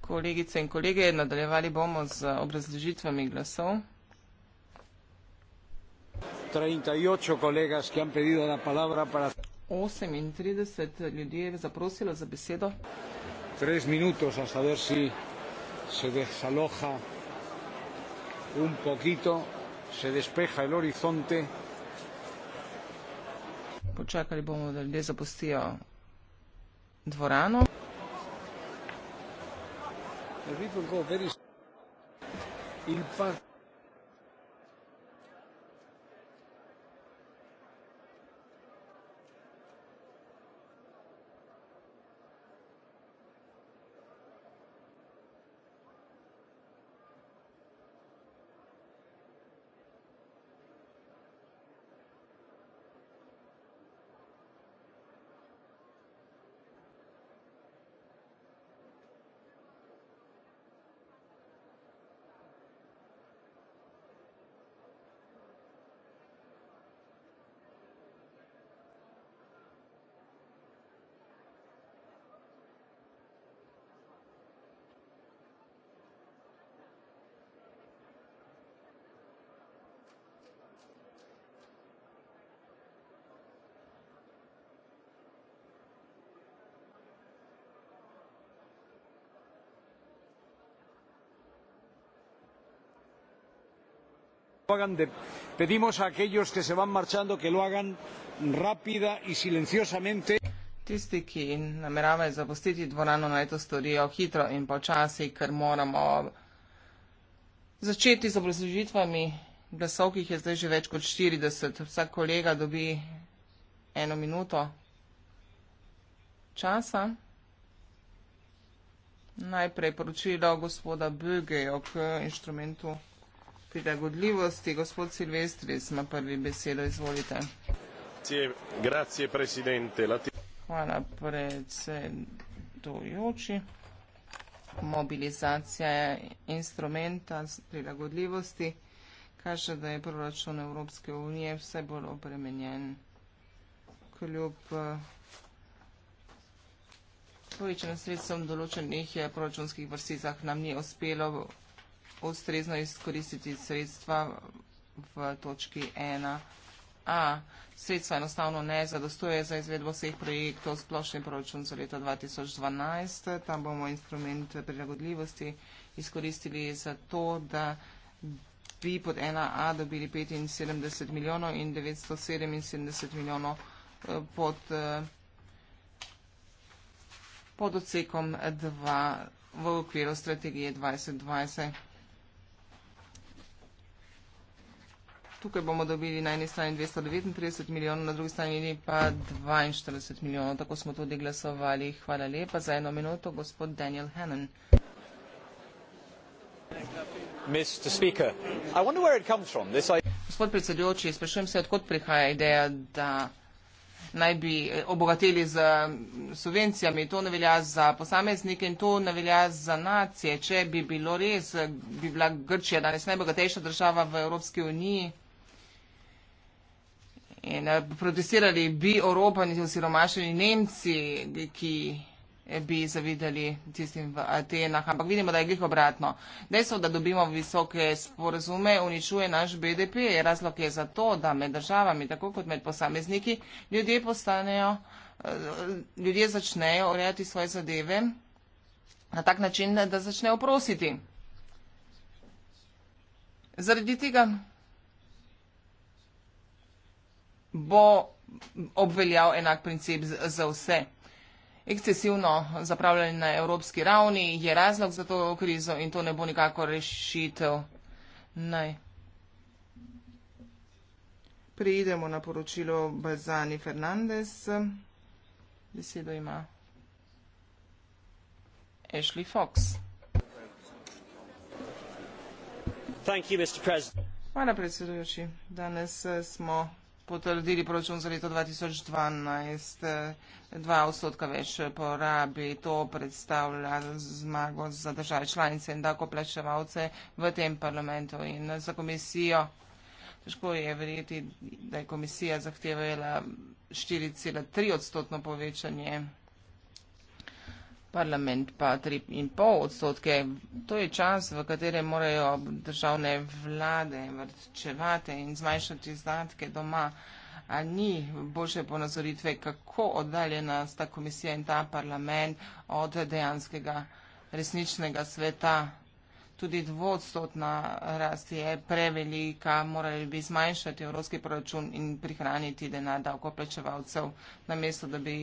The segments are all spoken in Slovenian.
Kolegice in kolege, nadaljevali bomo z obrazložitvami glasov. 38 ljudi je zaprosilo za besedo. 3 minutos, a saber si se desaloha un poquito, se despeja el horizonte. Počakali bomo, da ljudje zapustijo dvorano and we will go very soon. In fact, lo hagan de... pedimos a aquellos que se van marchando que lo hagan rápida y silenciosamente. Tisti, ki nameravajo zapustiti dvorano, naj to storijo hitro in počasi, ker moramo začeti z obrazložitvami glasov, ki jih je zdaj že več kot 40. Vsak kolega dobi eno minuto časa. Najprej poročilo gospoda Böge o inštrumentu prilagodljivosti. Gospod Silvestris, na prvi besedo izvolite. Grazie, presidente. Hvala predsedujoči. Mobilizacija instrumenta prilagodljivosti kaže, da je proračun Evropske unije vse bolj opremenjen kljub eh, povečanim sredstvom določenih eh, proračunskih vrstizah nam ni uspelo ustrezno izkoristiti sredstva v točki 1a. Sredstva enostavno ne zadostuje za izvedbo vseh projektov splošni proračun za leto 2012. Tam bomo instrument prilagodljivosti izkoristili za to, da bi pod 1a dobili 75 milijonov in 977 milijonov eh, pod, eh, pod odsekom 2 v okviru strategije 2020. tukaj bomo dobili na eni strani 239 milijonov, na drugi strani pa 42 milijonov. Tako smo tudi glasovali. Hvala lepa za eno minuto, gospod Daniel Hannon. Gospod predsedujoči, sprašujem se, odkot prihaja ideja, da naj bi eh, obogateli z subvencijami. To ne velja za posameznike in to ne velja za nacije. Če bi bilo res, eh, bi bila Grčija danes najbogatejša država v Evropski uniji. In uh, protestirali bi oropani, osiromašeni Nemci, ki eh, bi zavidali tistim v Atenah. Ampak vidimo, da je glih obratno. Dejstvo, da dobimo visoke sporozume, uničuje naš BDP. Razlog je za to, da med državami, tako kot med posamezniki, ljudje, postanejo, eh, ljudje začnejo urejati svoje zadeve na tak način, da začnejo prositi. Zaradi tega bo obveljal enak princip za vse. Ekscesivno zapravljanje na evropski ravni je razlog za to krizo in to ne bo nikako rešitev. Naj. Prejdemo na poročilo Balzani Fernandez. Besedo ima Ashley Fox. Hvala predsedujoči. Danes eh, smo potrdili proračun za leto 2012, eh, dva odstotka več porabi. To predstavlja zmago za države članice in tako plačevalce v tem parlamentu in za komisijo. Težko je verjeti, da je komisija zahtevala 4,3 odstotno povečanje parlament pa 3,5 odstotke. To je čas, v katerem morajo državne vlade vrčevati in zmanjšati izdatke doma. A ni boljše ponazoritve, kako oddaljena sta komisija in ta parlament od dejanskega resničnega sveta. Tudi dvodstotna rast je prevelika, morali bi zmanjšati evropski proračun in prihraniti denar davkoplačevalcev, namesto da bi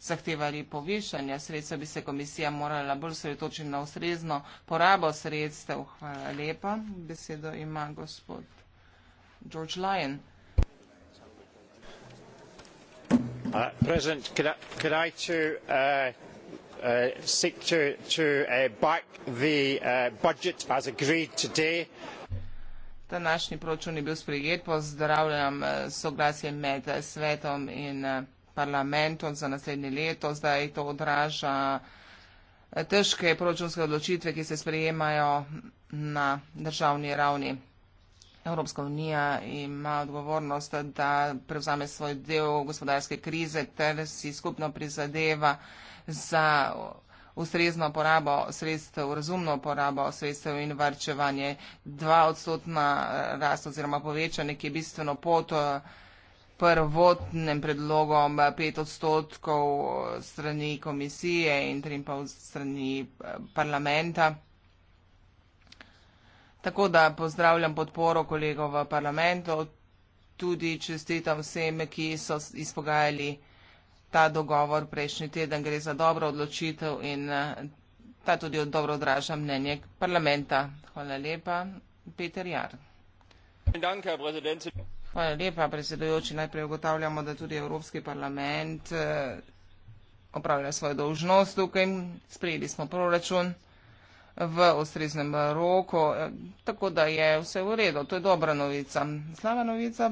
zahtevali povišanja sredstev, bi se komisija morala bolj sredotočiti na ustrezno porabo sredstev. Hvala lepa. Besedo ima gospod George Lyon. Uh, President, could I, could I to, uh, uh, seek to, to uh, back the uh, budget as agreed today? Današnji proračun je bil sprejet, pozdravljam uh, soglasje med uh, svetom in uh, parlamentom za naslednje leto. Zdaj to odraža eh, težke proračunske odločitve, ki se sprejemajo na državni ravni. Evropska unija ima odgovornost, da prevzame svoj del gospodarske krize ter si skupno prizadeva za ustrezno porabo sredstev, razumno porabo sredstev in varčevanje. Dva odstotna eh, rast oziroma povečanje, ki je bistveno pot eh, prvotnem predlogom 5 eh, odstotkov eh, strani komisije in 3,5 strani eh, parlamenta. Tako da pozdravljam podporo kolegov v parlamentu, tudi čestitam vsem, ki so izpogajali ta dogovor prejšnji teden. Gre za dobro odločitev in ta tudi dobro odraža mnenje parlamenta. Hvala lepa, Peter Jar. Danke, Herr Präsident. Hvala lepa, predsedujoči. Najprej ugotavljamo, da tudi Evropski parlament eh, opravlja svojo dolžnost tukaj. Sprejeli smo proračun v ustreznem roku, eh, tako da je vse v redu. To je dobra novica. Slava novica,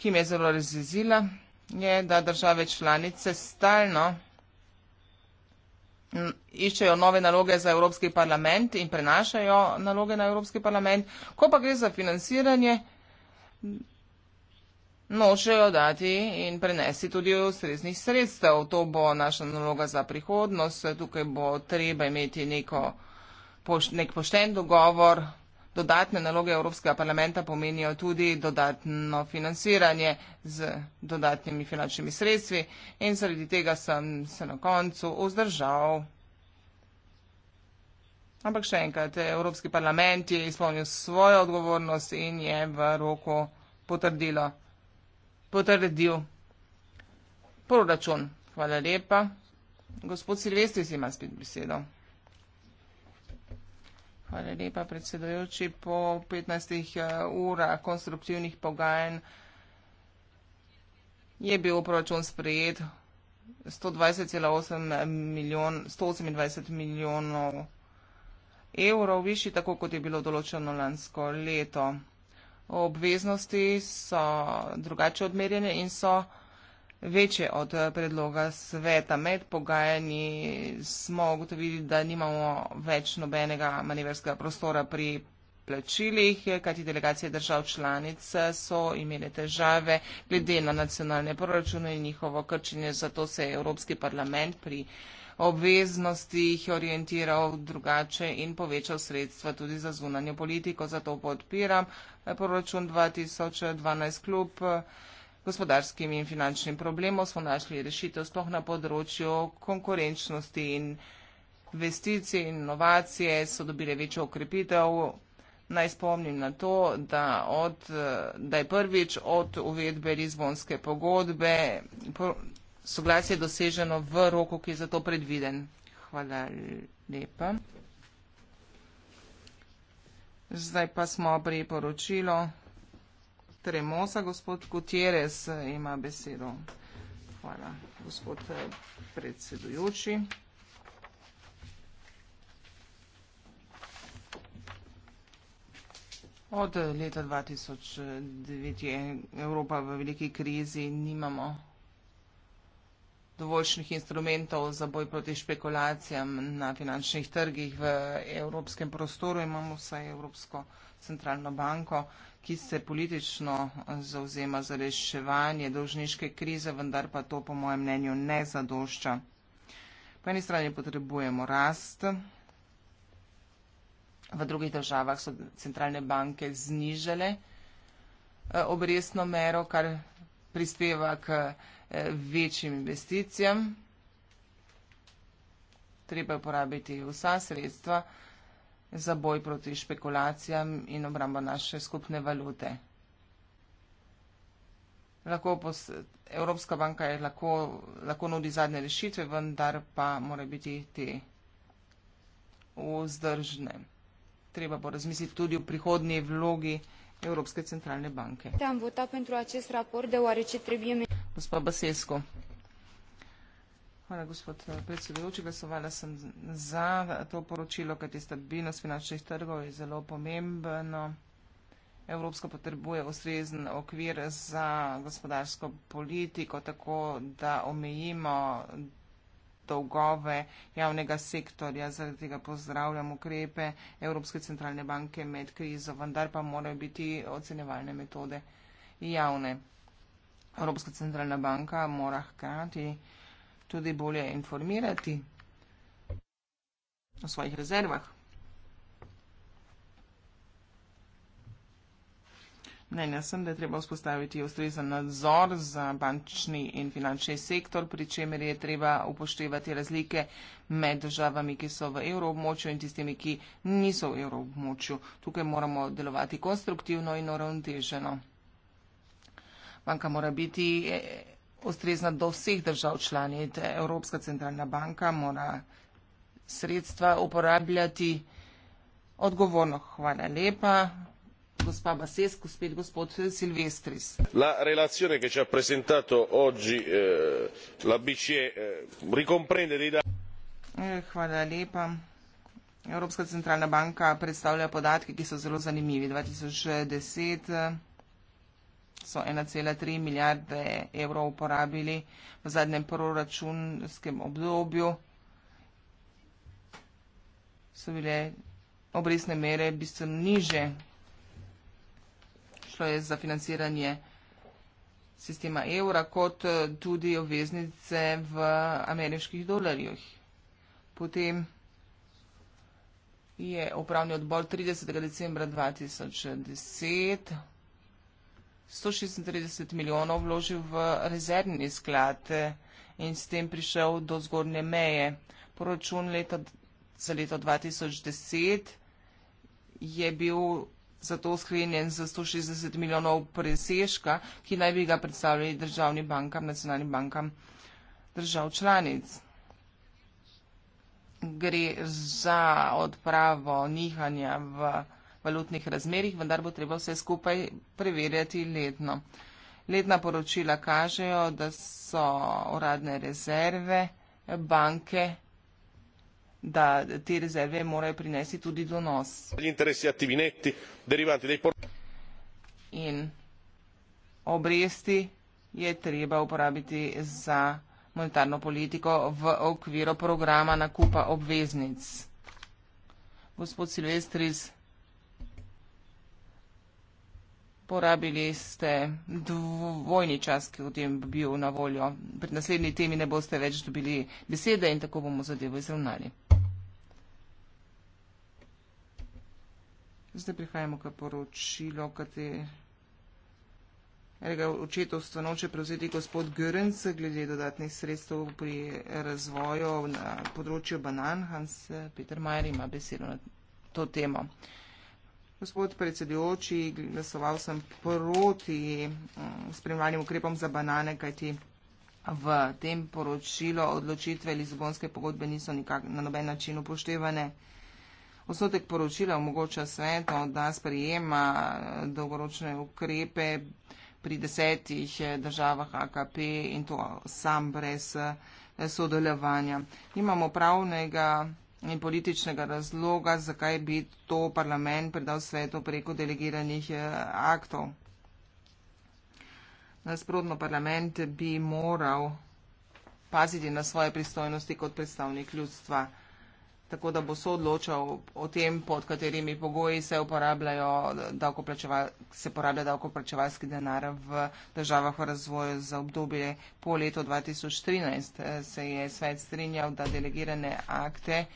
ki me je zelo razjezila, je, da države članice stalno mm, iščejo nove naloge za Evropski parlament in prenašajo naloge na Evropski parlament. Ko pa gre za financiranje, nočejo dati in prenesti tudi ustreznih sredstev. To bo naša naloga za prihodnost. Tukaj bo treba imeti neko, nek pošten dogovor. Dodatne naloge Evropskega parlamenta pomenijo tudi dodatno financiranje z dodatnimi finančnimi sredstvi in zaradi tega sem se na koncu vzdržal. Ampak še enkrat, Evropski parlament je izpolnil svojo odgovornost in je v roku potrdilo. Potrdil proračun. Hvala lepa. Gospod Silvestris ima spet besedo. Hvala lepa, predsedojoči. Po 15 eh, urah konstruktivnih pogajanj je bil proračun sprejet 120,8 milijon, 128 milijonov evrov višji, tako kot je bilo določeno lansko leto. Obveznosti so drugače odmerjene in so večje od predloga sveta. Med pogajanji smo ugotovili, da nimamo več nobenega manevrskega prostora pri plačilih, kajti delegacije držav članic so imele težave glede na nacionalne proračune in njihovo krčenje. Zato se je Evropski parlament pri obveznosti jih je orientiral drugače in povečal sredstva tudi za zunanjo politiko. Zato podpiram eh, proračun 2012 kljub eh, gospodarskim in finančnim problemom. Smo našli rešitev sploh na področju konkurenčnosti in investicije in inovacije so dobile večjo okrepitev. Naj spomnim na to, da, od, eh, da je prvič od uvedbe Lizbonske pogodbe soglasje doseženo v roku, ki je za to predviden. Hvala lepa. Zdaj pa smo priporočilo. Tremosa, gospod Gutierrez eh, ima besedo. Hvala, gospod eh, predsedujoči. Od eh, leta 2009 je Evropa v veliki krizi, nimamo dovoljšnih instrumentov za boj proti špekulacijam na finančnih trgih v evropskem prostoru. Imamo vsaj Evropsko centralno banko, ki se politično zauzema za reševanje dolžniške krize, vendar pa to po mojem mnenju ne zadošča. Po eni strani potrebujemo rast, v drugih državah so centralne banke znižale eh, obrestno mero, kar prispeva k eh, večjim investicijam. Treba je uporabiti vsa sredstva za boj proti špekulacijam in obrambo naše skupne valute. Lahko pos, Evropska banka je lahko, lahko nudi zadnje rešitve, vendar pa mora biti te vzdržne. Treba bo razmisliti tudi v prihodnji vlogi. Europske centralne banke. Am votat pentru acest raport deoarece trebuie Gospa Băsescu. Hvala, gospod eh, predsedujoči. Glasovala sem za to poročilo, kajti stabilnost finančnih trgov je zelo pomembno. Evropska potrebuje ustrezen okvir za gospodarsko politiko, tako da omejimo dolgove javnega sektorja. Zaradi tega pozdravljam ukrepe Evropske centralne banke med krizo, vendar pa morajo biti ocenevalne metode javne. Evropska centralna banka mora hkrati tudi bolje informirati o svojih rezervah. Mnenja sem, da je treba vzpostaviti ustrezen nadzor za bančni in finančni sektor, pri čemer je treba upoštevati razlike med državami, ki so v evroobmočju in tistimi, ki niso v evroobmočju. Tukaj moramo delovati konstruktivno in uravnoteženo. Banka mora biti e, ustrezna do vseh držav članic. Evropska centralna banka mora sredstva uporabljati odgovorno. Hvala lepa gospa Basescu, spet gospod Silvestris. La relazione che ci ha presentato oggi eh, la BCE eh, ricomprende dei dati. Eh, hvala lepa. Evropska centralna banka predstavlja podatke, ki so zelo zanimivi. 2010 eh, so 1,3 milijarde evrov uporabili v zadnjem proračunskem obdobju. So bile obresne mere bistveno niže sredstva je za financiranje sistema evra kot eh, tudi obveznice v ameriških dolarjih. Potem je upravni odbor 30. decembra 2010 136 milijonov vložil v rezervni sklad eh, in s tem prišel do zgornje meje. Proračun leta, za leto 2010 je bil zato sklenjen za 160 milijonov preseška, ki naj bi ga predstavljali državnim bankam, nacionalnim bankam držav članic. Gre za odpravo nihanja v valutnih razmerih, vendar bo treba vse skupaj preverjati letno. Letna poročila kažejo, da so uradne rezerve banke da te rezerve morajo prinesti tudi donos. In obresti je treba uporabiti za monetarno politiko v okviru programa nakupa obveznic. Gospod Silvestris, porabili ste dvojni čas, ki je bil na voljo. Pri naslednji temi ne boste več dobili besede in tako bomo zadevo izravnali. Zdaj prihajamo k poročilu, katerega očetovstvo noče prevzeti gospod Görenc glede dodatnih sredstev pri razvoju na področju banan. Hans Peter Majer ima besedo na to temo. Gospod predsedujoči, glasoval sem proti mm, spremljanju ukrepom za banane, kajti v tem poročilu odločitve Lizbonske pogodbe niso nikak, na noben način upoštevane. Osnotek poročila omogoča svetu, da sprejema dolgoročne ukrepe pri desetih državah AKP in to sam brez sodelovanja. Nimamo pravnega in političnega razloga, zakaj bi to parlament predal svetu preko delegiranih eh, aktov. Nasprotno parlament bi moral paziti na svoje pristojnosti kot predstavnik ljudstva tako da bo soodločal o tem, pod katerimi pogoji se, se porablja davkoplačevalski denar v državah v razvoju za obdobje po letu 2013. Se je svet strinjal, da delegirane akte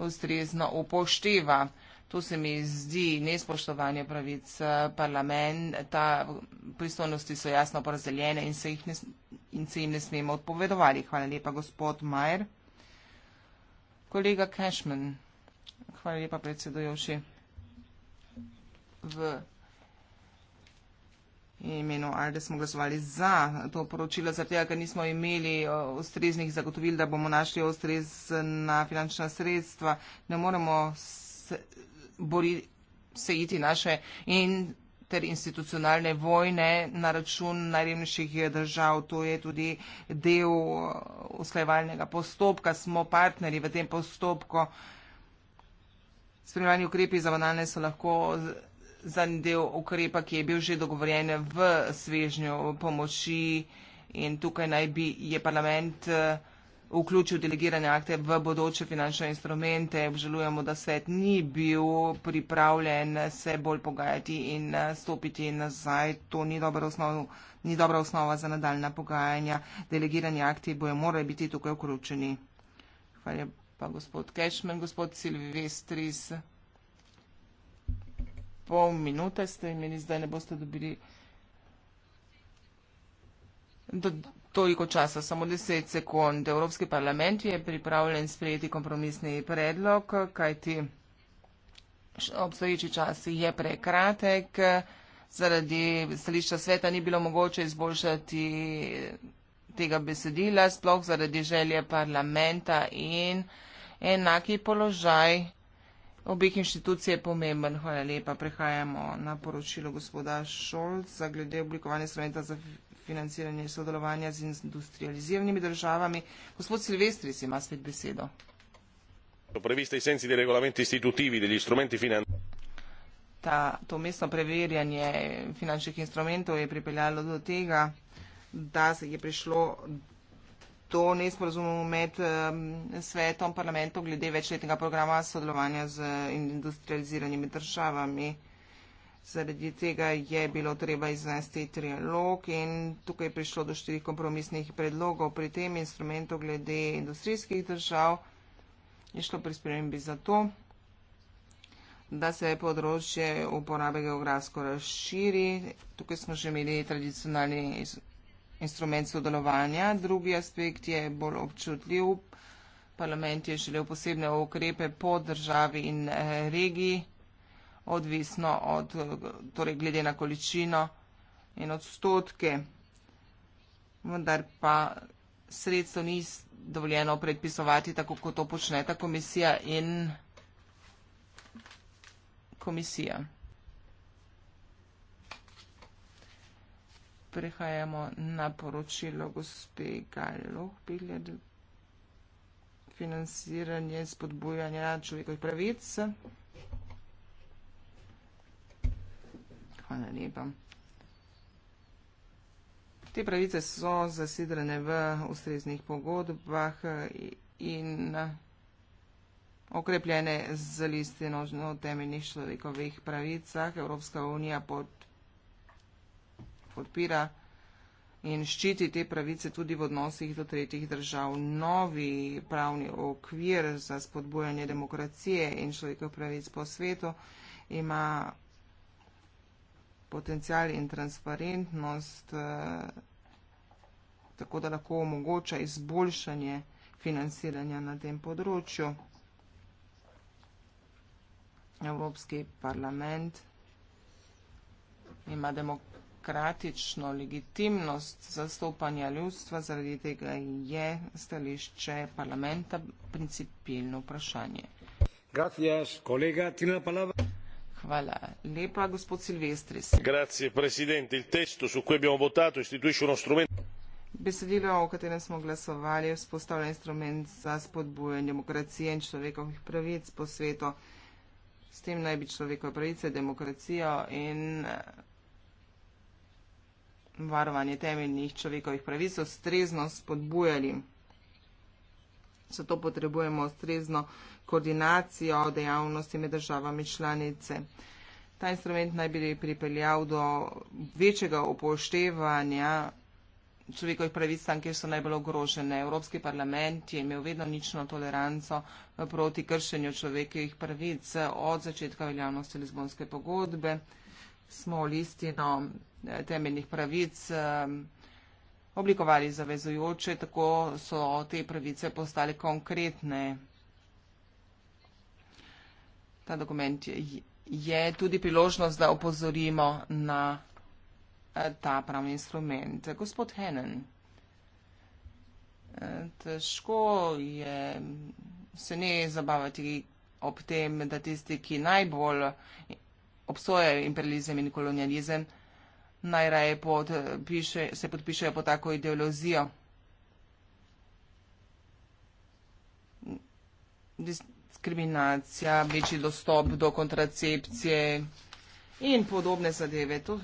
ustrezno upošteva. To se mi zdi nespoštovanje pravic eh, parlamenta, pristojnosti so jasno porazdeljene in se, ne, in se jim ne smemo odpovedovati. Hvala lepa, gospod Majer. Kolega Cashman, hvala lepa predsedujoši. V imenu Alde smo glasovali za to poročilo, zato ker nismo imeli ustreznih zagotovil, da bomo našli ustrezna finančna sredstva. Ne moremo se, bori, sejiti naše in ter institucionalne vojne na račun najrevnejših držav. To je tudi del uh, usklajevalnega postopka. Smo partneri v tem postopku. Spremljanje ukrepi za banane so lahko za del ukrepa, ki je bil že dogovorjen v svežnju pomoči in tukaj naj bi je parlament uh, vključil delegirane akte v bodoče finančne instrumente. Obžalujemo, da svet ni bil pripravljen se bolj pogajati in eh, stopiti nazaj. To ni dobro osnovno. Ni dobra osnova za nadaljna pogajanja. Delegirani akti bojo morali biti tukaj vključeni. Hvala pa gospod Kešmen, gospod Silvestris. Pol minute ste imeli, zdaj ne boste dobili. Do, toliko časa, samo 10 sekund. Evropski parlament je pripravljen sprejeti kompromisni predlog, kajti obstoječi čas je prekratek. Zaradi stališča sveta ni bilo mogoče izboljšati tega besedila, sploh zaradi želje parlamenta in enaki položaj obih inštitucij je pomemben. Hvala lepa. Prehajamo na poročilo gospoda Šolca glede oblikovanja sveta za financiranje sodelovanja z industrializiranimi državami. Gospod Silvestri, si ima spet besedo. Ta, to mestno preverjanje finančnih instrumentov je pripeljalo do tega, da se je prišlo do nesporazumu med um, svetom parlamentov glede večletnega programa sodelovanja z industrializiranimi državami. Zaradi tega je bilo treba iznesti trilog in tukaj je prišlo do štirih kompromisnih predlogov. Pri tem instrumentu glede industrijskih držav je šlo pri spremembi za to, da se je področje uporabe geografsko razširi. Tukaj smo že imeli tradicionalni instrument sodelovanja. Drugi aspekt je bolj občutljiv. Parlament je želel posebne ukrepe po državi in eh, regiji odvisno od, torej glede na količino in odstotke. Vendar pa sredstvo ni dovoljeno predpisovati, tako kot to počne ta komisija in komisija. Prehajamo na poročilo gospe Galoh, pilet financiranje spodbujanja človekovih pravic. Hvala lepa. Te pravice so zasidrene v ustreznih pogodbah in okrepljene z listino o temeljnih človekovih pravicah. Evropska unija pod, podpira in ščiti te pravice tudi v odnosih do tretjih držav. Novi pravni okvir za spodbujanje demokracije in človekov pravic po svetu ima potencial in transparentnost, eh, tako da lahko omogoča izboljšanje financiranja na tem področju. Evropski parlament ima demokratično legitimnost zastopanja ljudstva, zaradi tega je stališče parlamenta principilno vprašanje. Gracias, kolega, tiene la palabra besedilo o katerem smo glasovali vzpostavlja instrument za spodbujanje demokracije in človekovih pravic po svetu. S tem naj bi človekove pravice, demokracijo in varovanje temeljnih človekovih pravic ustrezno spodbujali. Zato potrebujemo ustrezno koordinacijo dejavnosti med državami članice. Ta instrument naj bi pripeljal do večjega upoštevanja človekovih pravic tam, kjer so najbolj ogrožene. Evropski parlament je imel vedno nično toleranco proti kršenju človekovih pravic od začetka veljavnosti Lizbonske pogodbe. Smo listino temeljnih pravic. Eh, oblikovali zavezujoče, tako so te pravice postale konkretne. Ta dokument je, je tudi priložnost, da opozorimo na eh, ta pravni instrument. Gospod Henen, eh, težko je se ne zabavati ob tem, da tisti, ki najbolj obsojajo imperializem in kolonializem, najraje podpiše, se podpišejo pod tako ideologijo. Diskriminacija, večji dostop do kontracepcije in podobne zadeve. To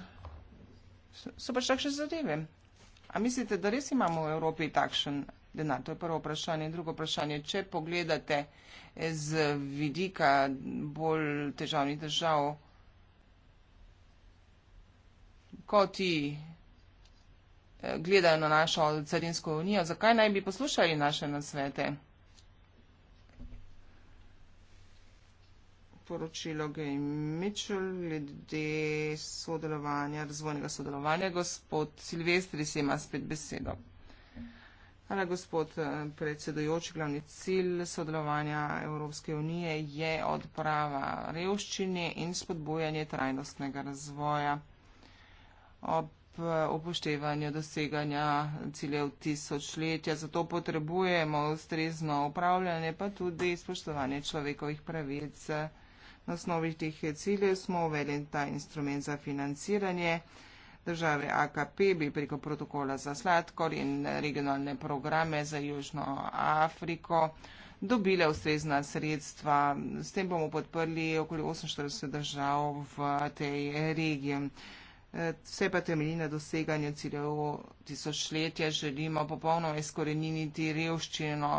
so pač takšne zadeve. A mislite, da res imamo v Evropi takšen denar? To je prvo vprašanje. Drugo vprašanje, če pogledate z vidika bolj težavnih držav, ko ti eh, gledajo na našo carinsko unijo, zakaj naj bi poslušali naše nasvete? Poročilo Gay Mitchell glede sodelovanja, razvojnega sodelovanja. Gospod Silvestri se ima spet besedo. Hvala, gospod eh, predsedojoči. Glavni cilj sodelovanja Evropske unije je odprava revščine in spodbojanje trajnostnega razvoja ob eh, upoštevanju doseganja ciljev tisočletja. Zato potrebujemo ustrezno upravljanje, pa tudi spoštovanje človekovih pravic. Na osnovi teh ciljev smo uvedli ta instrument za financiranje. Države AKP bi preko protokola za sladkor in regionalne programe za Južno Afriko dobile ustrezna sredstva. S tem bomo podprli okoli 48 držav v tej regiji. Eh, vse pa temelji na doseganju ciljev tisočletja. Želimo popolnoma izkoreniniti revščino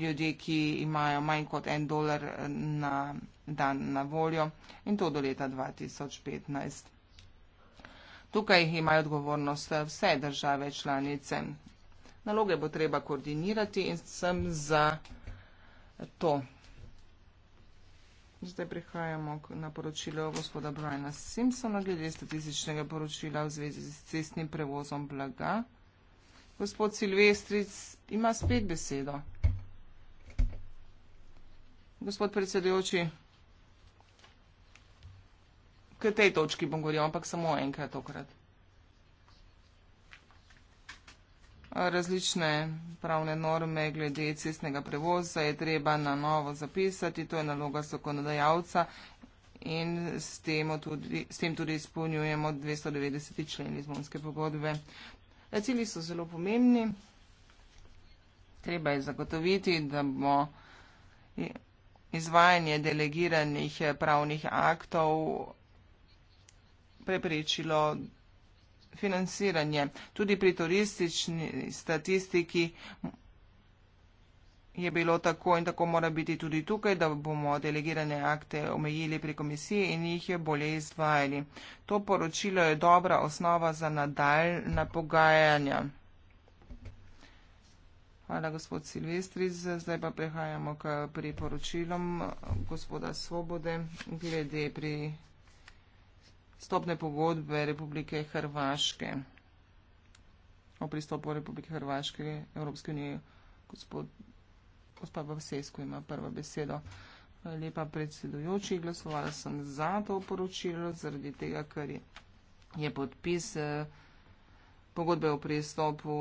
ljudi, ki imajo manj kot en dolar eh, na dan na voljo in to do leta 2015. Tukaj imajo odgovornost eh, vse države članice. Naloge bo treba koordinirati in sem za to. Zdaj prihajamo na poročilo gospoda Briana Simpsona glede statističnega poročila v zvezi z cestnim prevozom blaga. Gospod Silvestric ima spet besedo. Gospod predsedujoči, k tej točki bom govoril, ampak samo enkrat tokrat. različne pravne norme glede cestnega prevoza je treba na novo zapisati, to je naloga zakonodajalca in s tem tudi, s tem tudi izpolnjujemo 290. člen izmonske pogodbe. E, cilji so zelo pomembni. Treba je zagotoviti, da bo izvajanje delegiranih eh, pravnih aktov preprečilo financiranje. Tudi pri turistični statistiki je bilo tako in tako mora biti tudi tukaj, da bomo delegirane akte omejili pri komisiji in jih je bolje izvajali. To poročilo je dobra osnova za nadaljna pogajanja. Hvala, gospod Silvestriz. Zdaj pa prehajamo k priporočilom gospoda Svobode glede pri stopne pogodbe Republike Hrvaške o pristopu Republike Hrvaške Evropske unije. Gospod, gospod Vsesko ima prvo besedo. Lepa predsedujoči, glasovala sem za to poročilo, zaradi tega, ker je podpis. Eh, pogodbe o pristopu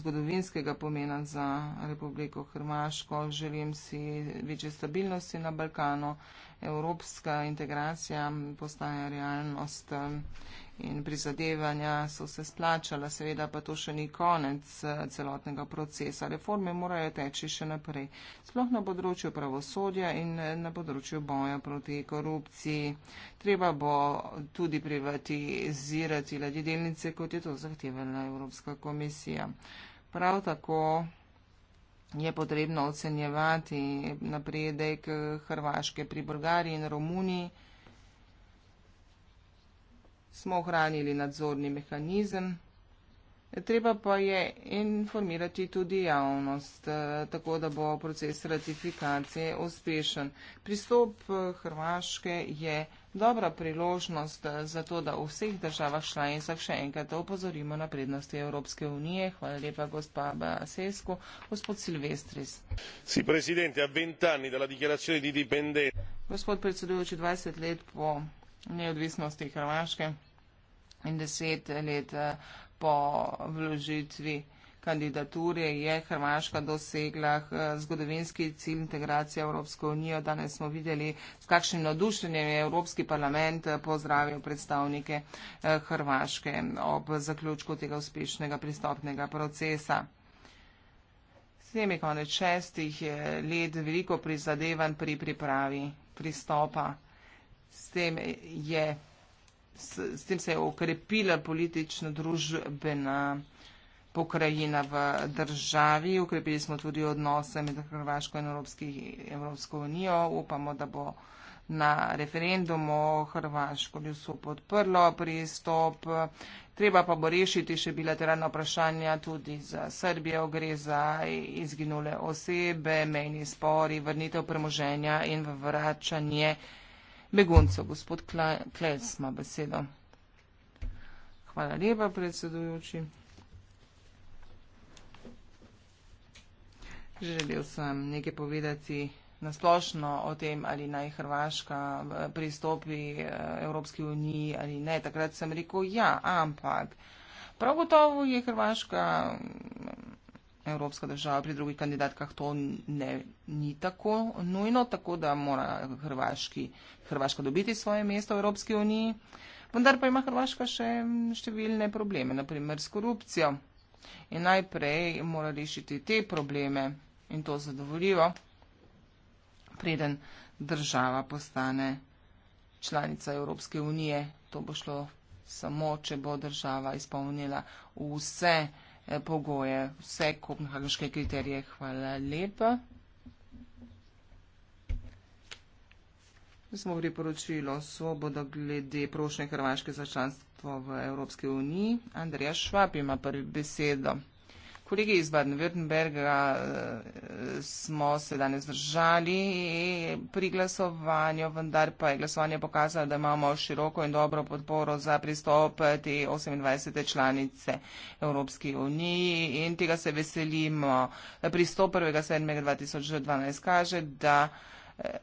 zgodovinskega pomena za Republiko Hrvaško. Želim si večje stabilnosti na Balkanu. Evropska integracija postaja realnost in prizadevanja so se splačala, seveda pa to še ni konec eh, celotnega procesa. Reforme morajo teči še naprej, sploh na področju pravosodja in eh, na področju boja proti korupciji. Treba bo tudi privatizirati ladjedelnice, kot je to zahtevala Evropska komisija. Prav tako je potrebno ocenjevati napredek eh, Hrvaške pri Bolgariji in Romuniji smo ohranili nadzorni mehanizem. Treba pa je informirati tudi javnost, eh, tako da bo proces ratifikacije uspešen. Pristop eh, Hrvaške je dobra priložnost eh, za to, da v vseh državah članicah še enkrat opozorimo na prednosti Evropske unije. Hvala lepa, gospa Basesko. Gospod Silvestris. Si presidente, a 20 anni dalla dichiarazione di dipendenza. Gospod predsedujoči, 20 let po neodvisnosti Hrvaške in deset let eh, po vložitvi kandidature je Hrvaška dosegla eh, zgodovinski cilj integracije Evropske unije. Danes smo videli, s kakšnim nadušenjem je Evropski parlament eh, pozdravil predstavnike Hrvaške ob zaključku tega uspešnega pristopnega procesa. S tem je konec šestih let veliko prizadevan pri pripravi pristopa s tem je, s, s tem se je okrepila politično družbena pokrajina v državi. Okrepili smo tudi odnose med Hrvaško in Evropski, Evropsko unijo. Upamo, da bo na referendumu Hrvaško ljudstvo podprlo pristop. Treba pa bo rešiti še bilateralna vprašanja tudi za Srbijo, gre za izginule osebe, mejni spori, vrnitev premoženja in vračanje beguncev. Gospod Klejc ima besedo. Hvala lepa, predsedujoči. Želel sem nekaj povedati nasplošno o tem, ali naj Hrvaška eh, pristopi eh, Evropski uniji ali ne. Takrat sem rekel ja, ampak prav gotovo je Hrvaška evropska država, pri drugih kandidatkah to ne, ni tako nujno, tako da mora Hrvaški, Hrvaška dobiti svoje mesto v Evropski uniji. Vendar pa ima Hrvaška še številne probleme, naprimer s korupcijo. In najprej mora rešiti te probleme in to zadovoljivo, preden država postane članica Evropske unije. To bo šlo samo, če bo država izpolnila vse. Eh, pogoje, vse kopenhagenške kriterije. Hvala lepa. Smo priporočilo svobodo glede prošnje Hrvaške za članstvo v Evropski uniji. Andreja Švab ima prvi besedo. Kolegi iz Baden-Württemberga eh, smo se danes držali pri glasovanju, vendar pa je glasovanje pokazalo, da imamo široko in dobro podporo za pristop te 28. članice Evropske unije in tega se veselimo. Pristop 1.7.2012 kaže, da eh,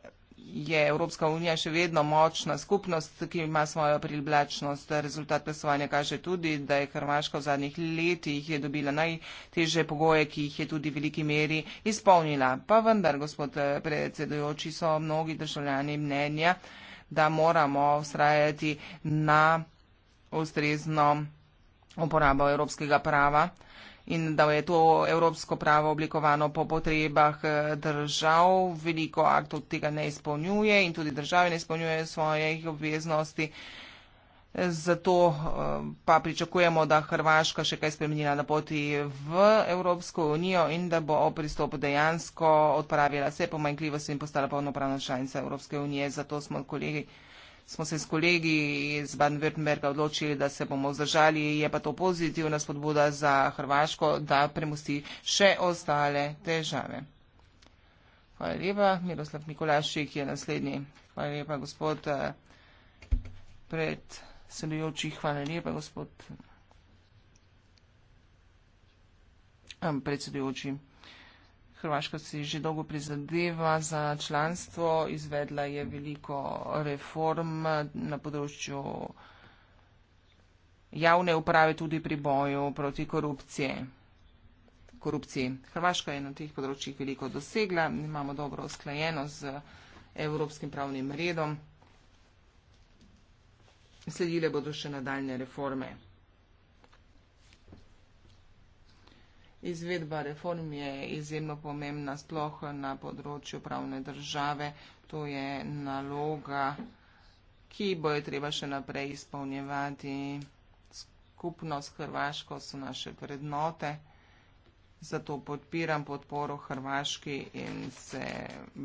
je Evropska unija še vedno močna skupnost, ki ima svojo privlačnost. Rezultat glasovanja kaže tudi, da je Hrvaška v zadnjih letih dobila najteže pogoje, ki jih je tudi v veliki meri izpolnila. Pa vendar, gospod predsedujoči, so mnogi državljani mnenja, da moramo vztrajati na ustrezno uporabo evropskega prava in da je to evropsko pravo oblikovano po potrebah eh, držav. Veliko aktov tega ne izpolnjuje in tudi države ne izpolnjuje svojih obveznosti. Zato eh, pa pričakujemo, da Hrvaška še kaj spremenila na poti v Evropsko unijo in da bo o pristopu dejansko odpravila vse pomanjkljivosti in postala polnopravna članica Evropske unije. Zato smo kolegi smo se s kolegi iz Baden-Württemberga odločili, da se bomo vzdržali. Je pa to pozitivna spodbuda za Hrvaško, da premusti še ostale težave. Hvala lepa. Miroslav Nikolašik je naslednji. Hvala lepa, gospod eh, predsedujoči. Hvala lepa, gospod eh, predsedujoči. Hrvaška si že dolgo prizadeva za članstvo, izvedla je veliko reform na področju javne uprave tudi pri boju proti korupcije. korupciji. Hrvaška je na teh področjih veliko dosegla, imamo dobro usklajeno z evropskim pravnim redom. Sledile bodo še nadaljne reforme. Izvedba reform je izjemno pomembna sploh na področju pravne države. To je naloga, ki bo je treba še naprej izpolnjevati. Skupnost Hrvaško so naše prednote, zato podpiram podporo Hrvaški in se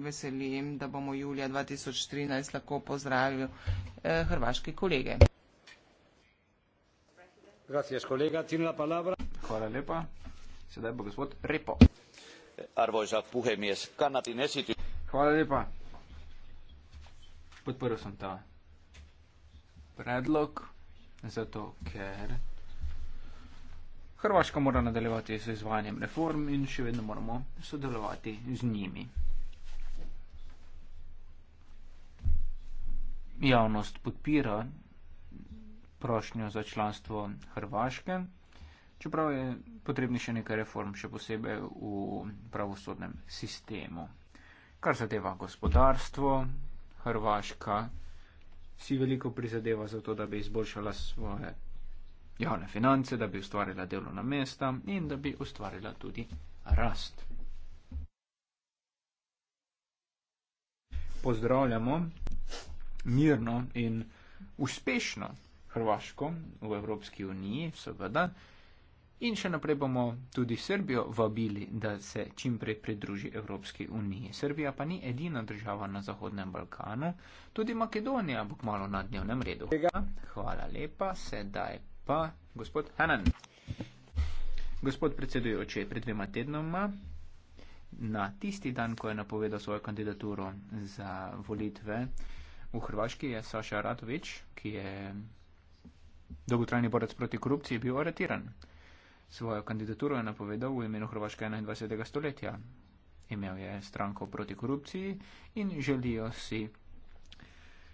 veselim, da bomo julija 2013 lahko pozdravili eh, hrvaški kolege. Gracias, colega. Tiene la palabra. Hvala lepa. Sedaj bo gospod Repo. Arvoisa puhemies, kannatin esity... Hvala lepa. Podprl sem ta predlog, zato ker Hrvaška mora nadaljevati z izvajanjem reform in še vedno moramo sodelovati z njimi. Javnost podpira prošnjo za članstvo Hrvaške čeprav je potrebnih še nekaj reform, še posebej v pravosodnem sistemu. Kar zadeva gospodarstvo, Hrvaška si veliko prizadeva za to, da bi izboljšala svoje javne finance, da bi ustvarila delovna mesta in da bi ustvarila tudi rast. Pozdravljamo mirno in uspešno Hrvaško v Evropski uniji, seveda in še naprej bomo tudi Srbijo vabili, da se čim prej pridruži Evropski uniji. Srbija pa ni edina država na Zahodnem Balkanu, tudi Makedonija bo kmalo na dnevnem redu. Hvala lepa, sedaj pa gospod Hanan. Gospod predsedujoči, pred dvema tednoma, na tisti dan, ko je napovedal svojo kandidaturo za volitve v Hrvaški, je Saša Radovič, ki je dolgotrajni borec proti korupciji, bil aretiran. Svojo kandidaturo je napovedal v imenu Hrvaške 21. stoletja. Imel je stranko proti korupciji in želijo si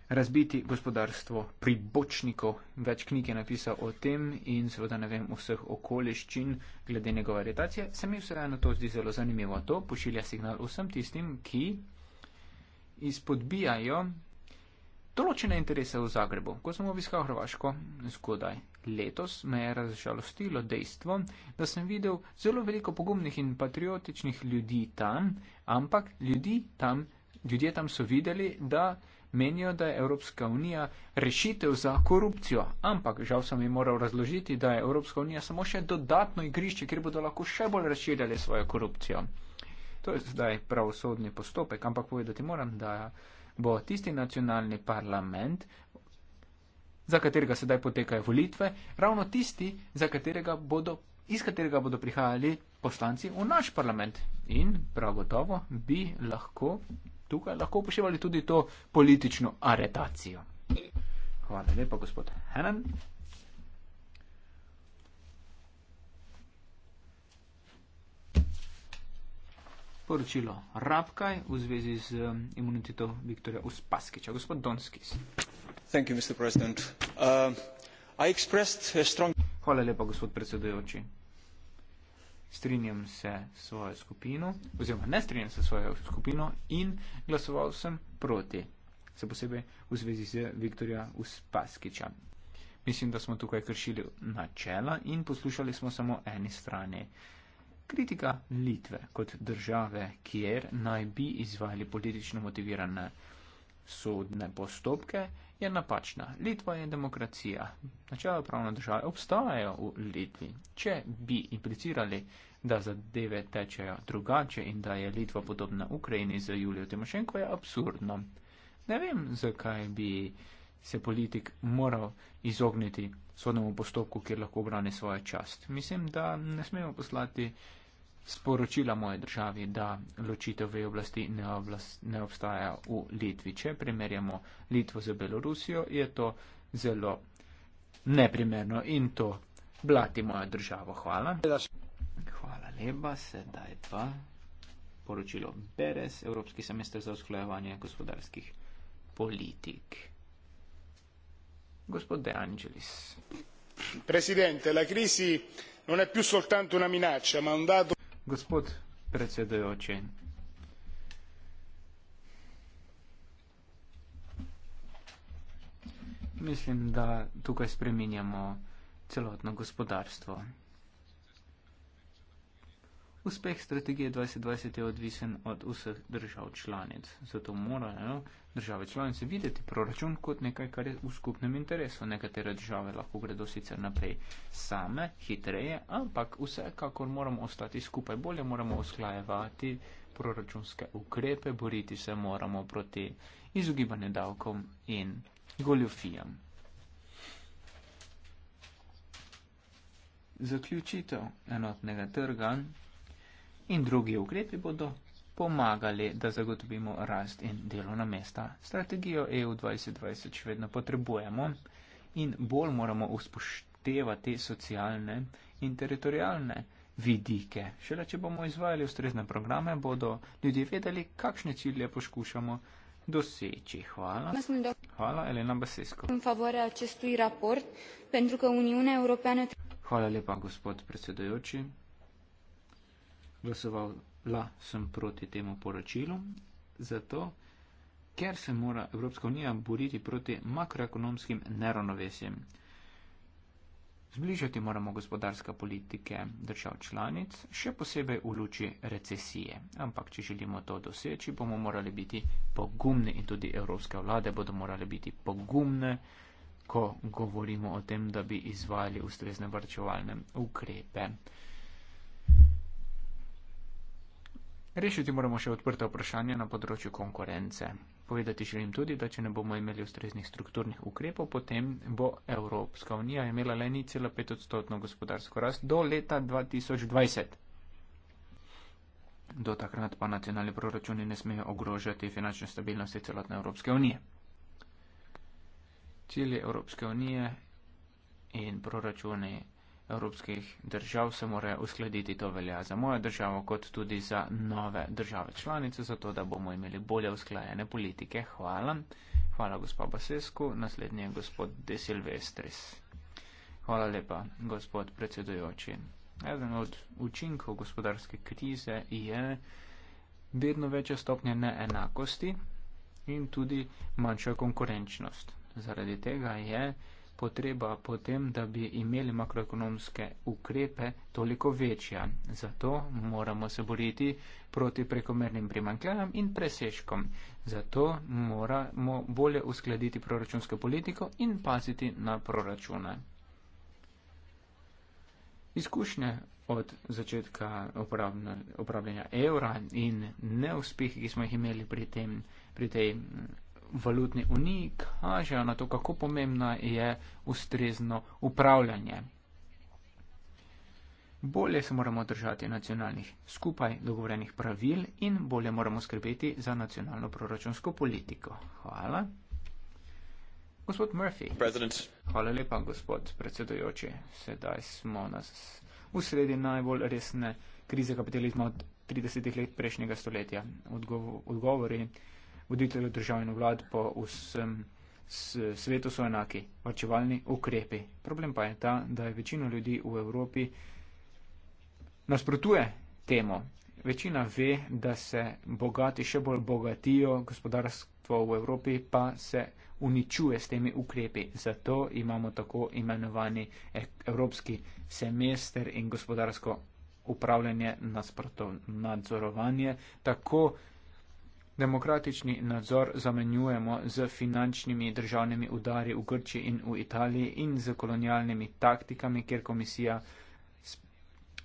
razbiti gospodarstvo pri bočniku. Več knjig je napisal o tem in seveda ne vem vseh okoliščin glede njegove aretacije. Se mi vseeno to zdi zelo zanimivo. To pošilja signal vsem tistim, ki izpodbijajo določene interese v Zagrebu. Ko sem obiskal Hrvaško zgodaj, Letos me je razžalostilo dejstvo, da sem videl zelo veliko pogumnih in patriotičnih ljudi tam, ampak ljudi tam, ljudje tam so videli, da menijo, da je Evropska unija rešitev za korupcijo. Ampak žal sem jim moral razložiti, da je Evropska unija samo še dodatno igrišče, kjer bodo lahko še bolj razširjali svojo korupcijo. To je zdaj pravosodni postopek, ampak povedati moram, da bo tisti nacionalni parlament za katerega sedaj potekajo volitve, ravno tisti, katerega bodo, iz katerega bodo prihajali poslanci v naš parlament. In prav gotovo bi lahko tukaj lahko upoštevali tudi to politično aretacijo. Hvala lepa, gospod Henan. Poročilo Rabkaj v zvezi z um, imuniteto Viktorja Uspaskiča, gospod Donskis. Uh, Hvala lepa, gospod predsedujoči. Strinjam se s svojo skupino, oziroma ne strinjam se s svojo skupino in glasoval sem proti. Se posebej v zvezi z Viktorja Uspaskiča. Mislim, da smo tukaj kršili načela in poslušali smo samo eni strani. Kritika Litve kot države, kjer naj bi izvajali politično motivirane sodne postopke, je napačna. Litva je demokracija. Načela pravne države obstajajo v Litvi. Če bi implicirali, da zadeve tečejo drugače in da je Litva podobna Ukrajini za Julijo Timošenko, je absurdno. Ne vem, zakaj bi se politik moral izogniti sodnemu postopku, kjer lahko obrane svojo čast. Mislim, da ne smemo poslati sporočila moje državi, da ločitev veje oblasti ne, oblast, ne obstaja v Litvi. Če primerjamo Litvo z Belorusijo, je to zelo neprimerno in to blati mojo državo. Hvala. Hvala lepa, sedaj pa poročilo Beres, Evropski semester za usklajevanje gospodarskih politik. Gospod De Angelis. Presidente, la crisi non è più soltanto una minaccia, ma un dato Gospod predsedujoči. Mislim, da tukaj spreminjamo celotno gospodarstvo. Uspeh strategije 2020 je odvisen od vseh držav članic, zato morajo države članice videti proračun kot nekaj, kar je v skupnem interesu. Nekatere države lahko gredo sicer naprej same, hitreje, ampak vsekakor moramo ostati skupaj bolje, moramo usklajevati proračunske ukrepe, boriti se moramo proti izogibanju davkom in goljofijam. Zaključitev enotnega trga in drugi ukrepi bodo pomagali, da zagotovimo rast in delovna mesta. Strategijo EU 2020 še vedno potrebujemo in bolj moramo uspoštevati socialne in teritorijalne vidike. Šele, če bomo izvajali ustrezne programe, bodo ljudje vedeli, kakšne cilje poskušamo doseči. Hvala. Hvala, Elena Basesko. Hvala lepa, gospod predsedujoči glasovala sem proti temu poročilu, zato ker se mora Evropska unija boriti proti makroekonomskim neravnovesjem. Zbližati moramo gospodarska politike držav članic, še posebej v luči recesije. Ampak, če želimo to doseči, bomo morali biti pogumni in tudi evropske vlade bodo morali biti pogumne, ko govorimo o tem, da bi izvajali ustrezne varčevalne ukrepe. Rešiti moramo še odprta vprašanja na področju konkurence. Povedati želim tudi, da če ne bomo imeli ustreznih strukturnih ukrepov, potem bo Evropska unija imela le 0,5 odstotno gospodarsko rast do leta 2020. Do takrat pa nacionalni proračuni ne smejo ogrožati finančne stabilnosti celotne Evropske unije. Cilje Evropske unije in proračuni evropskih držav se mora uskladiti, to velja za mojo državo, kot tudi za nove države članice, zato da bomo imeli bolje usklajene politike. Hvala. Hvala, gospa Basesku. Naslednji je gospod De Silvestris. Hvala lepa, gospod predsedujoči. Eden od učinkov gospodarske krize je vedno večja stopnja neenakosti in tudi manjša konkurenčnost. Zaradi tega je potreba potem, da bi imeli makroekonomske ukrepe toliko večja. Zato moramo se boriti proti prekomernim primankljajem in presežkom. Zato moramo bolje uskladiti proračunsko politiko in paziti na proračune. Izkušnje od začetka upravljanja evra in neuspehi, ki smo jih imeli pri, tem, pri tej valutni uniji kažejo na to, kako pomembno je ustrezno upravljanje. Bolje se moramo držati nacionalnih skupaj dogovorenih pravil in bolje moramo skrbeti za nacionalno proračunsko politiko. Hvala. Gospod Murphy. President. Hvala lepa, gospod predsedojoči. Sedaj smo nas v sredi najbolj resne krize kapitalizma od 30 let prejšnjega stoletja. Odgovori voditeljev držav in vlad po vsem svetu so enaki, varčevalni ukrepi. Problem pa je ta, da je večina ljudi v Evropi nasprotuje temu. Večina ve, da se bogati še bolj bogatijo, gospodarstvo v Evropi pa se uničuje s temi ukrepi. Zato imamo tako imenovani evropski semester in gospodarsko upravljanje nasprotov nadzorovanje. Tako Demokratični nadzor zamenjujemo z finančnimi državnimi udari v Grči in v Italiji in z kolonialnimi taktikami, kjer komisija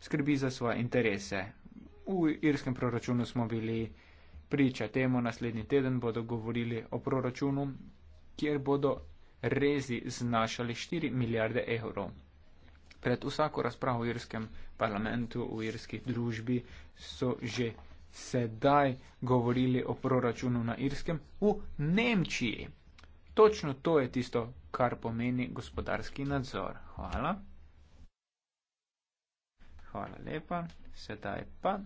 skrbi za svoje interese. V irskem proračunu smo bili priča temu, naslednji teden bodo govorili o proračunu, kjer bodo rezi znašali 4 milijarde evrov. Pred vsako razpravo v irskem parlamentu, v irski družbi so že sedaj govorili o proračunu na Irskem v Nemčiji. Točno to je tisto, kar pomeni gospodarski nadzor. Hvala. Hvala lepa. Sedaj pa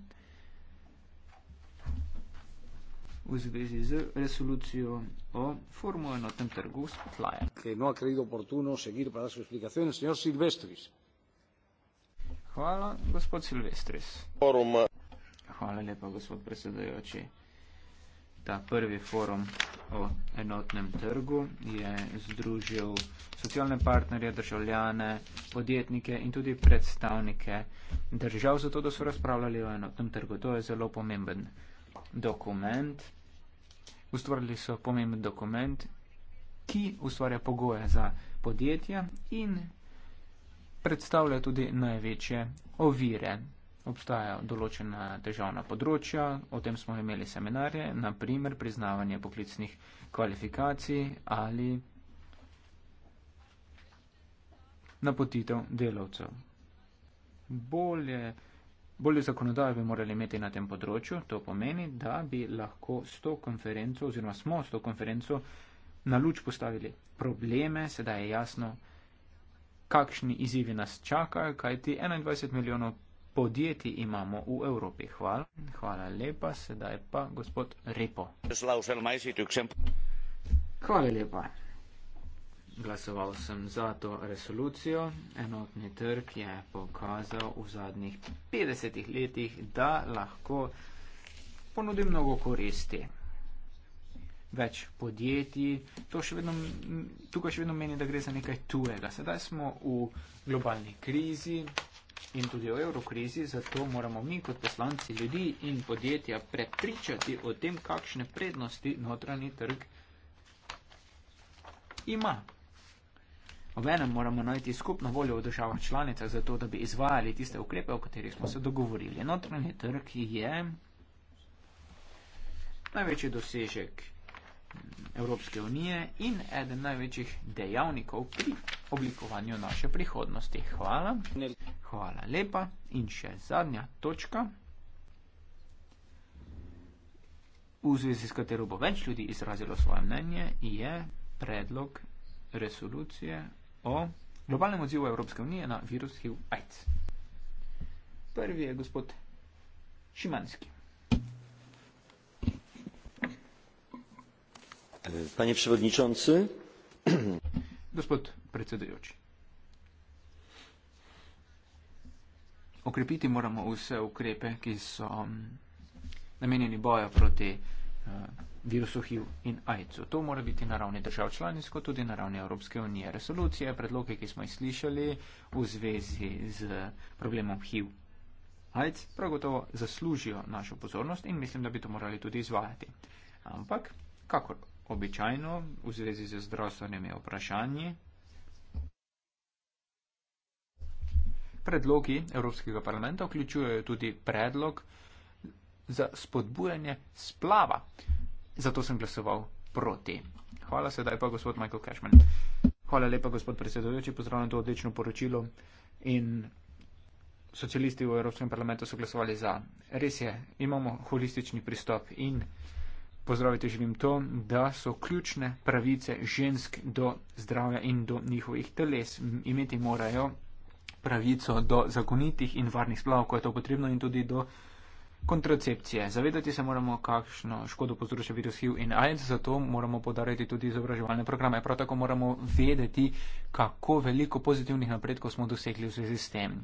v zvezi z resolucijo o formu enotnem trgu s potlajem. No Hvala, gospod Silvestris. Hvala lepa, gospod predsedajoči. Ta prvi forum o enotnem trgu je združil socialne partnerje, državljane, podjetnike in tudi predstavnike držav, zato da so razpravljali o enotnem trgu. To je zelo pomemben dokument. Ustvarili so pomemben dokument, ki ustvarja pogoje za podjetja in predstavlja tudi največje ovire obstajajo določena težavna področja, o tem smo imeli seminarje, naprimer priznavanje poklicnih kvalifikacij ali napotitev delavcev. Bolje, bolje zakonodajo bi morali imeti na tem področju, to pomeni, da bi lahko s to konferenco oziroma smo s to konferenco na luč postavili probleme, sedaj je jasno, kakšni izzivi nas čakajo, kajti 21 milijonov podjetij imamo v Evropi. Hvala, hvala lepa, sedaj pa gospod Repo. Hvala lepa. Glasoval sem za to resolucijo. Enotni trg je pokazal v zadnjih 50 letih, da lahko ponudi mnogo koristi. Več podjetij, to še vedno, tukaj še vedno meni, da gre za nekaj tujega. Sedaj smo v globalni krizi, in tudi o evrokrizi, zato moramo mi kot poslanci ljudi in podjetja prepričati o tem, kakšne prednosti notranji trg ima. Obenem moramo najti skupno voljo v državah članicah za to, da bi izvajali tiste ukrepe, o katerih smo se dogovorili. Notranji trg je največji dosežek Evropske unije in eden največjih dejavnikov pri oblikovanju naše prihodnosti. Hvala. Hvala lepa. In še zadnja točka, v zvezi s katero bo več ljudi izrazilo svoje mnenje, je predlog resolucije o globalnem odzivu Evropske unije na virus HIV-AIDS. Prvi je gospod Šimanski. panie przewodniczący gospod predsedujoči okrepiti moramo vse ukrepe ki so mm, namenjeni boju proti eh, virusu HIV in AIDS. To mora biti na ravni držav članic, kot tudi na ravni Evropske unije. Resolucije, predloge, ki smo jih slišali v zvezi z problemom HIV AIDS, prav gotovo zaslužijo našo pozornost in mislim, da bi to morali tudi izvajati. Ampak, kakor običajno v zvezi z zdravstvenimi vprašanji. Predlogi Evropskega parlamenta vključujejo tudi predlog za spodbujanje splava. Zato sem glasoval proti. Hvala sedaj pa gospod Michael Cashman. Hvala lepa gospod predsedujoči, pozdravljam to odlično poročilo. In socialisti v Evropskem parlamentu so glasovali za. Res je, imamo holistični pristop in. Pozdravite, želim to, da so ključne pravice žensk do zdravja in do njihovih teles. Imeti morajo pravico do zakonitih in varnih splav, ko je to potrebno, in tudi do kontracepcije. Zavedati se moramo, kakšno škodo povzroča virus HIV in AIDS, zato moramo podariti tudi izobraževalne programe. Prav tako moramo vedeti, kako veliko pozitivnih napredkov smo dosegli v zvezi s tem.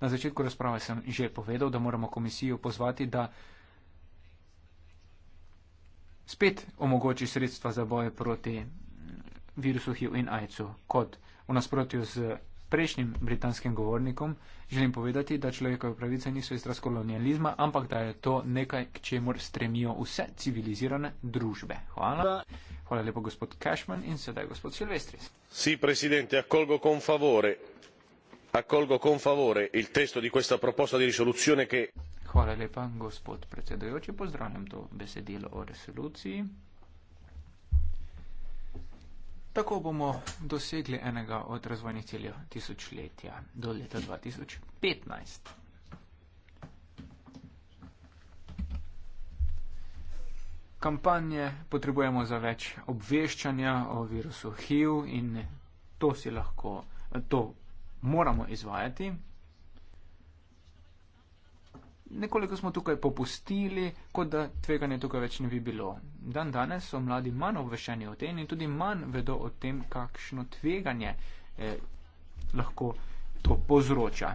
Na začetku razprave sem že povedal, da moramo komisijo pozvati, da spet omogoči sredstva za boje proti virusu HIV in AIDS-u. Kot v nasprotju z prejšnjim britanskim govornikom, želim povedati, da človekove pravice niso iz razkolonializma, ampak da je to nekaj, k čemur stremijo vse civilizirane družbe. Hvala. Hvala lepo, gospod Cashman in sedaj gospod Silvestris. Si, predsednik, akolgo con favore. Accolgo con favore il testo di questa proposta di risoluzione che... Hvala lepa, gospod predsedujoči. Pozdravljam to besedilo o resoluciji. Tako bomo dosegli enega od razvojnih ciljev tisočletja do leta 2015. Kampanje potrebujemo za več obveščanja o virusu HIV in to si lahko, to moramo izvajati nekoliko smo tukaj popustili, kot da tveganje tukaj več ne bi bilo. Dan danes so mladi manj obvešeni o tem in tudi manj vedo o tem, kakšno tveganje eh, lahko to povzroča.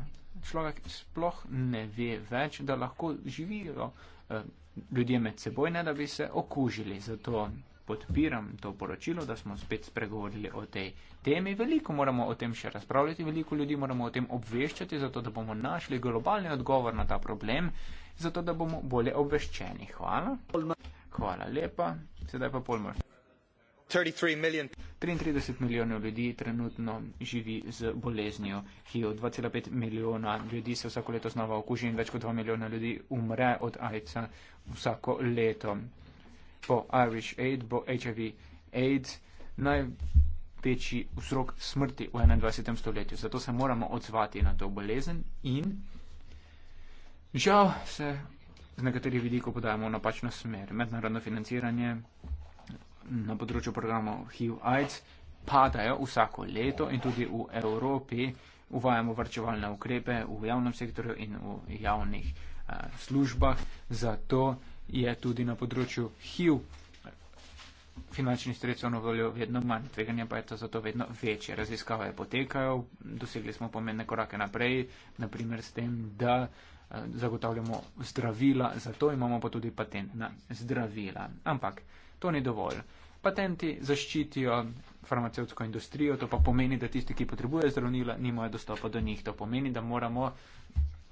Človek sploh ne ve več, da lahko živijo eh, ljudje med seboj, ne da bi se okužili. Zato podpiram to poročilo, da smo spet spregovorili o tej temi. Veliko moramo o tem še razpravljati, veliko ljudi moramo o tem obveščati, zato da bomo našli globalni odgovor na ta problem, zato da bomo bolje obveščeni. Hvala. Hvala lepa. Sedaj pa polmer. 33 milijonov ljudi trenutno živi z boleznijo HIV. 2,5 milijona ljudi se vsako leto znova okuži in več kot 2 milijona ljudi umre od AIDS-a vsako leto bo Irish Aid, bo HIV Aid največji vzrok smrti v 21. stoletju. Zato se moramo odzvati na to bolezen in žal se z nekaterih vidikov podajamo v napačno smer. Mednarodno financiranje na področju programov HIV-AIDS padajo vsako leto in tudi v Evropi uvajamo vrčevalne ukrepe v javnem sektorju in v javnih uh, službah. Zato je tudi na področju HIV finančnih sredstev na voljo vedno manj, tveganja pa je to zato vedno večje. Raziskave potekajo, dosegli smo pomembne korake naprej, naprimer s tem, da eh, zagotavljamo zdravila, zato imamo pa tudi patent na zdravila. Ampak to ni dovolj. Patenti zaščitijo farmacevtsko industrijo, to pa pomeni, da tisti, ki potrebujejo zdravila, nimajo dostopa do njih. To pomeni, da moramo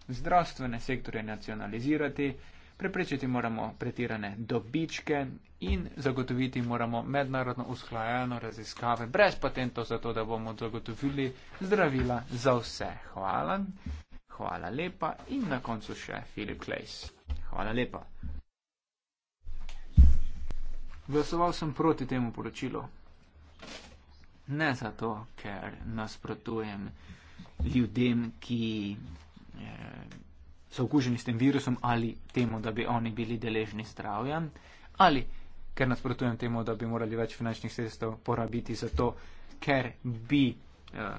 zdravstvene sektore nacionalizirati, preprečiti moramo pretirane dobičke in zagotoviti moramo mednarodno usklajeno raziskave brez patentov, zato da bomo zagotovili zdravila za vse. Hvala, hvala lepa in na koncu še Filip Klejs. Hvala lepa. Glasoval sem proti temu poročilu. Ne zato, ker nasprotujem ljudem, ki. Eh, so okuženi s tem virusom ali temu, da bi oni bili deležni zdravja, ali ker nasprotujem temu, da bi morali več finančnih sredstev porabiti za to, ker bi eh,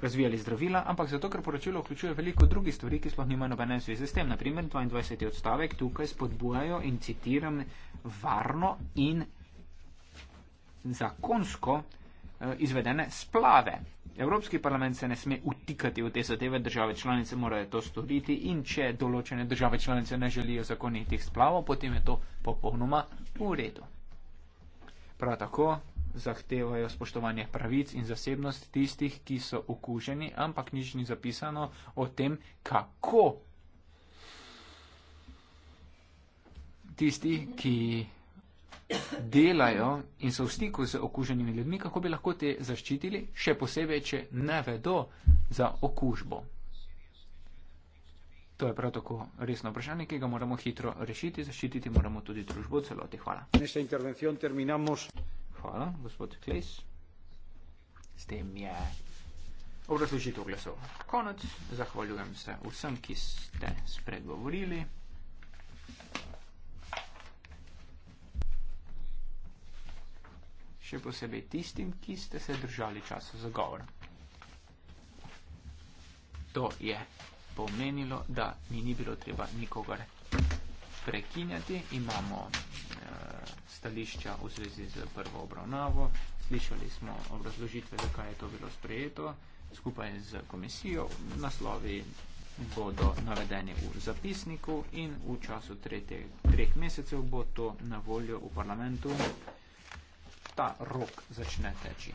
razvijali zdravila, ampak zato, ker poročilo vključuje veliko drugih stvari, ki sploh nimajo nobene zveze s tem. Naprimer, 22. odstavek tukaj spodbujajo in citiram varno in zakonsko eh, izvedene splave. Evropski parlament se ne sme utikati v te zadeve, države članice morajo to storiti in če določene države članice ne želijo zakonitih splavov, potem je to popolnoma v redu. Prav tako zahtevajo spoštovanje pravic in zasebnost tistih, ki so okuženi, ampak nič ni zapisano o tem, kako tisti, ki delajo in so v stiku z okuženimi ljudmi, kako bi lahko te zaščitili, še posebej, če ne vedo za okužbo. To je prav tako resno vprašanje, ki ga moramo hitro rešiti, zaščititi moramo tudi družbo celoti. Hvala. Hvala, gospod Kles. S tem je obrazložitev glasov konec. Zahvaljujem se vsem, ki ste spregovorili. Thank you. še posebej tistim, ki ste se držali časa za govor. To je pomenilo, da mi ni bilo treba nikogar prekinjati. Imamo e, stališča v zvezi z prvo obravnavo, slišali smo obrazložitve, zakaj je to bilo sprejeto, skupaj z komisijo naslovi bodo navedeni v zapisniku in v času tretje, treh mesecev bo to na voljo v parlamentu ta rok začne teči.